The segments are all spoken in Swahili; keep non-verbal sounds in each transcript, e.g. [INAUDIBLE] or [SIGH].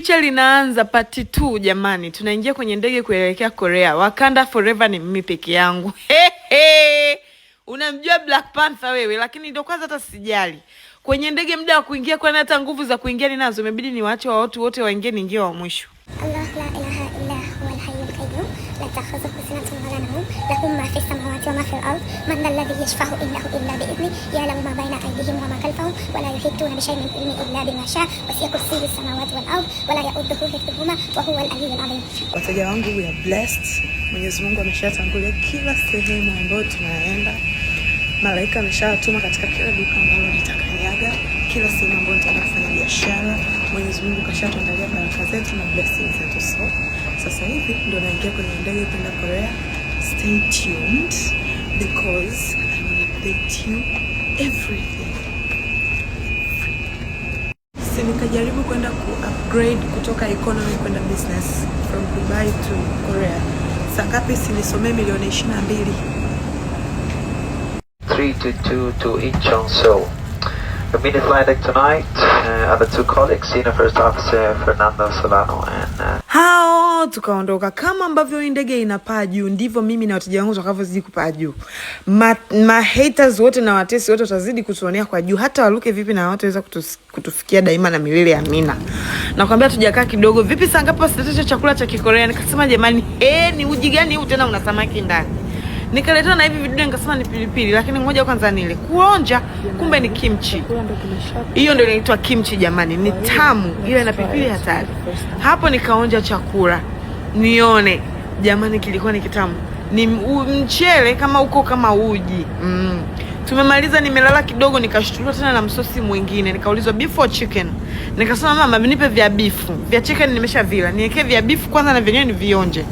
picha linaanza pati 2 jamani, tunaingia kwenye ndege kuelekea Korea. Wakanda forever ni mimi peke yangu. [LAUGHS] Unamjua Black Panther wewe, lakini ndio kwanza hata sijali kwenye ndege muda wa kuingia, kwani hata nguvu za kuingia ninazo, imebidi niwaache wa watu wote waingie, niingie wa mwisho. تتخذ حسنة ولا نوم لهم ما في السماوات وما في الأرض من ذا الذي يشفع إنه إلا بإذنه يعلم ما بين أيديهم وما خلفهم ولا يحيطون بشيء من علمه إلا بما شاء وسع كرسيه السماوات والأرض ولا يؤوده حفظهما وهو العلي العظيم wateja wangu we are blessed Mwenyezi Mungu ameshatangulia kila sehemu ambayo tunaenda malaika ameshawatuma katika kila duka ambalo litakanyaga kila sehemu ambayo nitaenda kufanya biashara. Mwenyezi Mungu kashatuandalia baraka zetu na blessings zetu, so sasa hivi ndo naingia kwenye ndege kwenda Korea. Stay tuned because I will update you everything. Si nikajaribu kwenda ku upgrade kutoka economy kwenda business from Dubai to Korea. Sangapi sinisomee milioni 22. 3 to 2 to Incheon Seoul. The main landing tonight uh, other two colleagues, senior first officer Fernando Solano and uh... hao tukaondoka. Kama ambavyo hii ndege inapaa juu, ndivyo mimi na wateja wangu tutakavyozidi kupaa juu. Ma, ma haters wote na watesi wote watazidi kutuonea kwa juu, hata waluke vipi na watu waweza kutu, kutufikia daima na milele ya amina. Nakwambia tujakaa kidogo, vipi saa ngapi wasitatisha chakula cha Kikorea? Nikasema jamani, eh, ni uji gani huu tena una samaki ndani? nikaletewa na hivi vidude nikasema ni pilipili, lakini mmoja kwanza nile kuonja, kumbe ni kimchi. Hiyo ndio inaitwa kimchi jamani, ni tamu, ila na pilipili hatari. Hapo nikaonja chakula nione, jamani, kilikuwa ni kitamu, ni mchele kama uko kama uji mm. Tumemaliza, nimelala kidogo, nikashtuliwa tena na msosi mwingine, nikaulizwa beef or chicken. Nikasema mama, nipe vya beef, vya chicken nimeshavila, vila, vya beef kwanza na vyenyewe ni vionje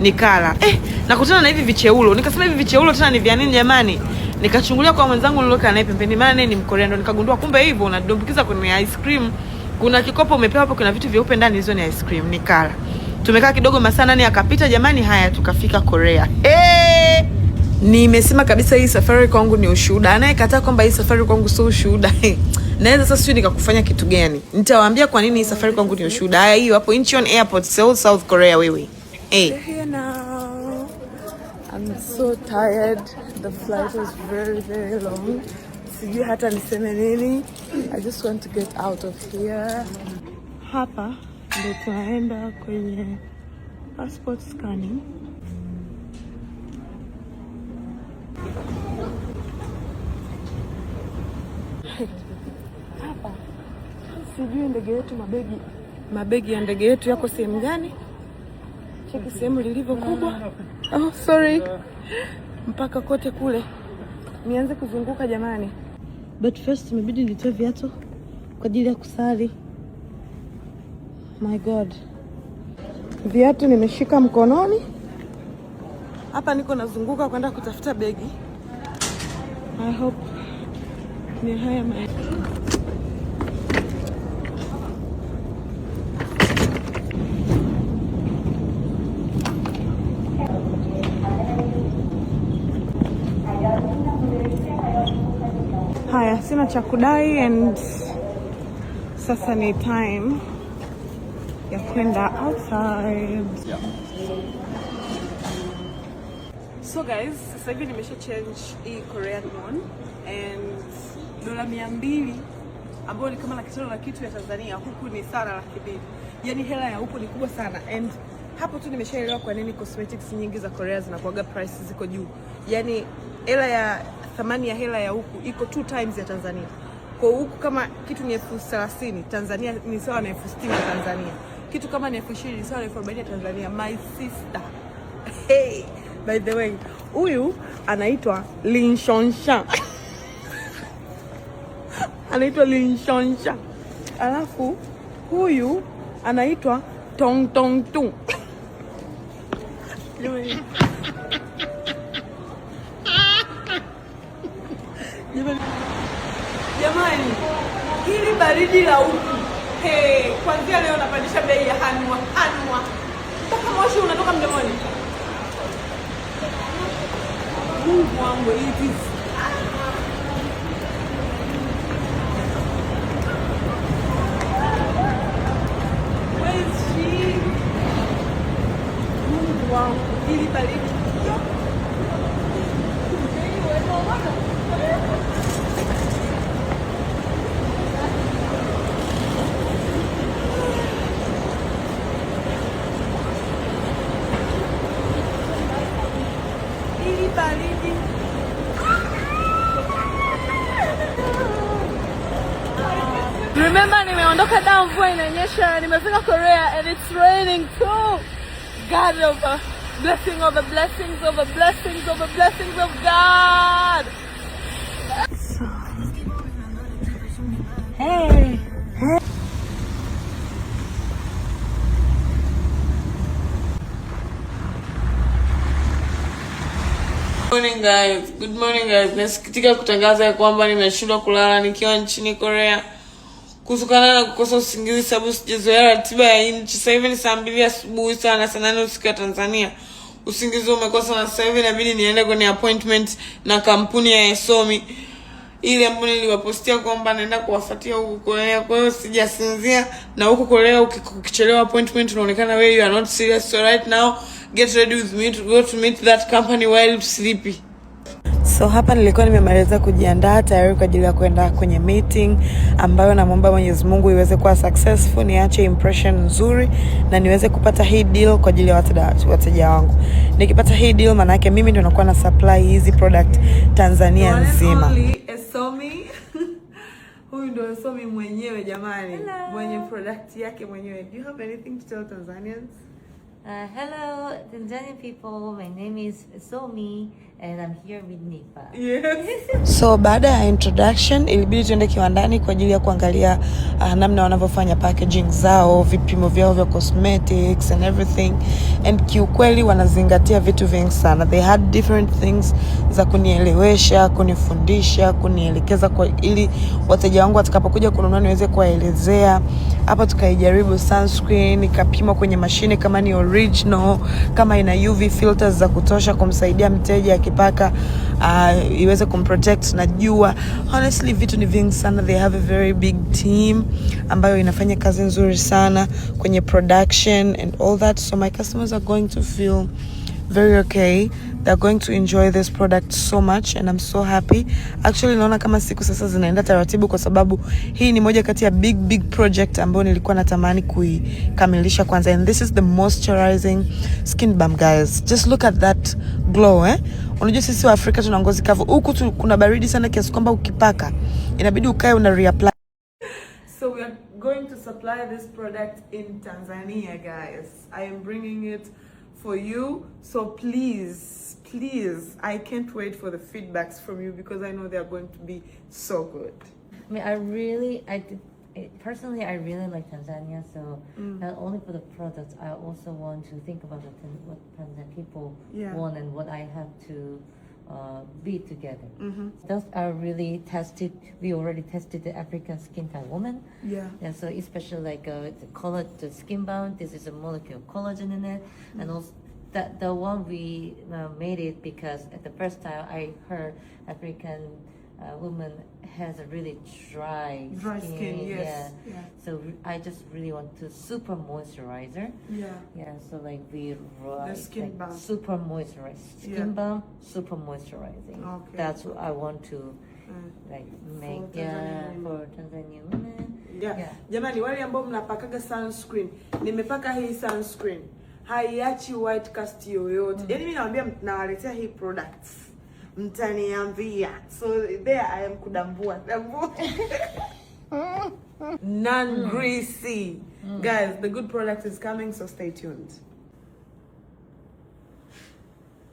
nikala. Eh, nakutana na hivi vicheulo, nikasema hivi vicheulo tena ni vya nini jamani? Nikachungulia kwa mwenzangu niloka naye pembeni, maana ni Mkorea, ndo nikagundua kumbe hivyo unadumbukiza kwenye ice cream. Kuna kikopo umepewa hapo, kuna vitu vyeupe ndani, hizo ni ice cream. Nikala, tumekaa kidogo, masaa nane akapita jamani. Haya, tukafika Korea. Eh, nimesema kabisa hii safari kwangu ni ushuhuda. Anayekataa kwamba hii safari kwangu sio ushuhuda [LAUGHS] naweza sasa, sijui nikakufanya kitu gani. Nitawaambia kwa nini hii safari kwangu ni ushuhuda. Haya, hiyo hapo Incheon Airport, Seoul, South Korea. Wewe Hey. We're here now. I'm so tired. The flight was very, very long. Sijui hata niseme nini. I just want to get out of here. Hapa ndio tunaenda kwenye passport scanning. Hapa sijui ndege yetu, mabegi mabegi ya ndege yetu yako sehemu gani? Cheki sehemu lilivyo kubwa. Oh, sorry. Mpaka kote kule nianze kuzunguka jamani, but first imebidi nitoe viatu kwa ajili ya kusali. My God, viatu nimeshika mkononi hapa, niko nazunguka kwenda kutafuta begi. I hope ni haya. Haya, sina cha kudai and sasa ni time ya kwenda outside. Yeah. So guys, sasa hivi nimesha change hii Korean won and dola mia mbili ambayo ni kama laki tano na kitu ya Tanzania huku ni sana laki mbili. yani hela ya huku ni kubwa sana and hapo tu nimeshaelewa kwa nini cosmetics nyingi za Korea zinakuaga price ziko juu. Yaani hela ya thamani ya hela ya huku iko two times ya Tanzania. Kwa huku kama kitu ni elfu thelathini Tanzania ni sawa na elfu sitini Tanzania. Kitu kama ni elfu ishirini ni sawa na elfu arobaini Tanzania. My sister. Hey, by the way, huyu anaitwa Linshonsha. [LAUGHS] anaitwa Linshonsha. Alafu huyu anaitwa Tongtongtung. [LAUGHS] Jamani, hili baridi la huku hey, kwanzia leo napandisha bei ya hanwa hanwa mpaka moshi unatoka mdomoni. Mungu wangu hivi Mungu wangu hili baridi I'm Talili. Remember nimeondoka down, I'm inanyesha, nimefika Korea and it's raining too. God over blessing over blessings over blessings over blessings of God. morning guys. Good morning guys. Nasikitika kutangaza ya kwamba nimeshindwa kulala nikiwa nchini Korea kutokana na kukosa usingizi, sababu sijazoea ratiba ya hii nchi. Sasa hivi ni saa mbili asubuhi sana saa nane usiku ya Tanzania. Usingizi umekosa na sasa hivi inabidi niende kwenye appointment na kampuni ya Esomi ile ambayo niliwapostia kwamba naenda kuwafuatia huko Korea. Kwa hiyo sijasinzia, na huko Korea ukichelewa appointment unaonekana wewe you are not serious. So right now get ready with me to go to meet that company while sleepy. So hapa nilikuwa nimemaliza kujiandaa tayari kwa ajili ya kwenda kwenye meeting ambayo namwomba Mwenyezi Mungu iweze kuwa successful, niache impression nzuri na niweze kupata hii deal kwa ajili ya wateja wangu. Nikipata hii deal, maana yake mimi ndio nakuwa na supply hizi product Tanzania nzima. [LAUGHS] Huyu ndio Esomi mwenyewe jamani, mwenye product yake mwenyewe. Do you have anything to tell Tanzanians? Uh, hello Tanzanian people. My name is Somi. And I'm here with Nipa. Yes. So baada ya introduction ilibidi tuende kiwandani kwa ajili ya kuangalia uh, namna wanavyofanya packaging zao, vipimo vyao vya cosmetics and everything. And kiukweli wanazingatia vitu vingi sana. They had different things za kunielewesha, kunifundisha, kunielekeza kwa ili wateja wangu watakapokuja kununua niweze kuwaelezea. Hapa tukaijaribu sunscreen, ikapimwa kwenye mashine kama ni original, kama ina UV filters za kutosha kumsaidia mteja yake paka uh, iweze kumprotect na jua. Honestly, vitu ni vingi sana. They have a very big team ambayo inafanya kazi nzuri sana kwenye production and all that, so my customers are going to feel very okay. They're going to enjoy this product so much and I'm so happy. Actually naona kama siku sasa zinaenda taratibu kwa sababu hii ni moja kati ya big big project ambayo nilikuwa natamani kuikamilisha kwanza and this is the moisturizing skin balm guys. Just look at that glow eh. Unajua sisi wa Afrika tuna ngozi kavu. Huku kuna baridi sana kiasi kwamba ukipaka inabidi ukae una reapply. So we are going to supply this product in Tanzania guys. I am bringing it for you. So please, please, I can't wait for the feedbacks from you because I know they're going to be so good. I mean, I really, I personally, I really like Tanzania. So mm. not only for the products, I also want to think about the, what Tanzanian people yeah. want and what I have to uh, be together. Mm-hmm. Those are really tested. We already tested the African skin type woman. Yeah. Yeah. so especially like uh, the color, the skin bound. This is a molecule of collagen in it, mm-hmm. and also that the one we uh, made it because at the first time I heard African a woman has a really dry, Dry skin, yes. Yeah. Yeah. So I just really want to super moisturizer. Yeah. Yeah. So like we rub skin like balm. super moisturizer, skin Yeah. balm, super moisturizing. Okay. That's what I want to uh, like make Tanzania yeah for Tanzania women. Yeah. Yeah. Jamani wale ambao mnapakaga sunscreen, nimepaka hii sunscreen. Haiachi white cast yoyote. Mm. Yaani mimi nawaambia nawaletea hii products. mtaniambia. So there I am kudambua dambua [LAUGHS] non greasy mm. Guys, the good product is coming, so stay tuned.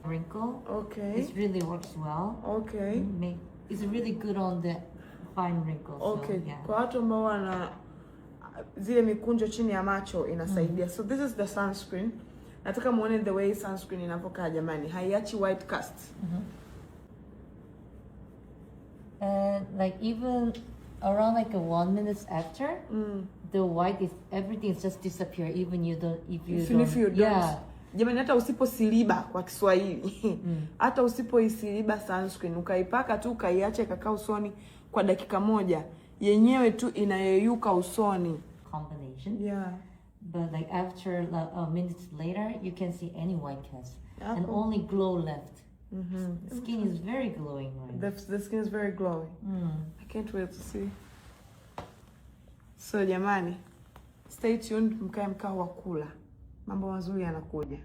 Wrinkle. Okay. This really works well. Okay. Make, it's really good on the fine wrinkles. Okay. So, yeah. Kwa watu ambao wana zile mikunjo chini ya macho inasaidia. Mm. So this is the sunscreen. Nataka muone the way sunscreen inavyokaa jamani. Haiachi white cast. Mm -hmm. like even around like one minutes after, mm. the white is everything just disappear. Even you don't if you don't, if you don't. Yeah. Jamani, hata usiposiliba kwa Kiswahili mm. [LAUGHS] hata mm. usipoisiliba sunscreen ukaipaka tu ukaiacha ikakaa usoni kwa dakika moja yenyewe tu inayeyuka usoni combination yeah but like after like, a minute later you can see any white cast and only glow left mm The skin is very glowing The, the skin is very glowing. Mm. I can't wait to see. So jamani, stay tuned, mkae mkao wa kula, mambo mazuri yanakuja.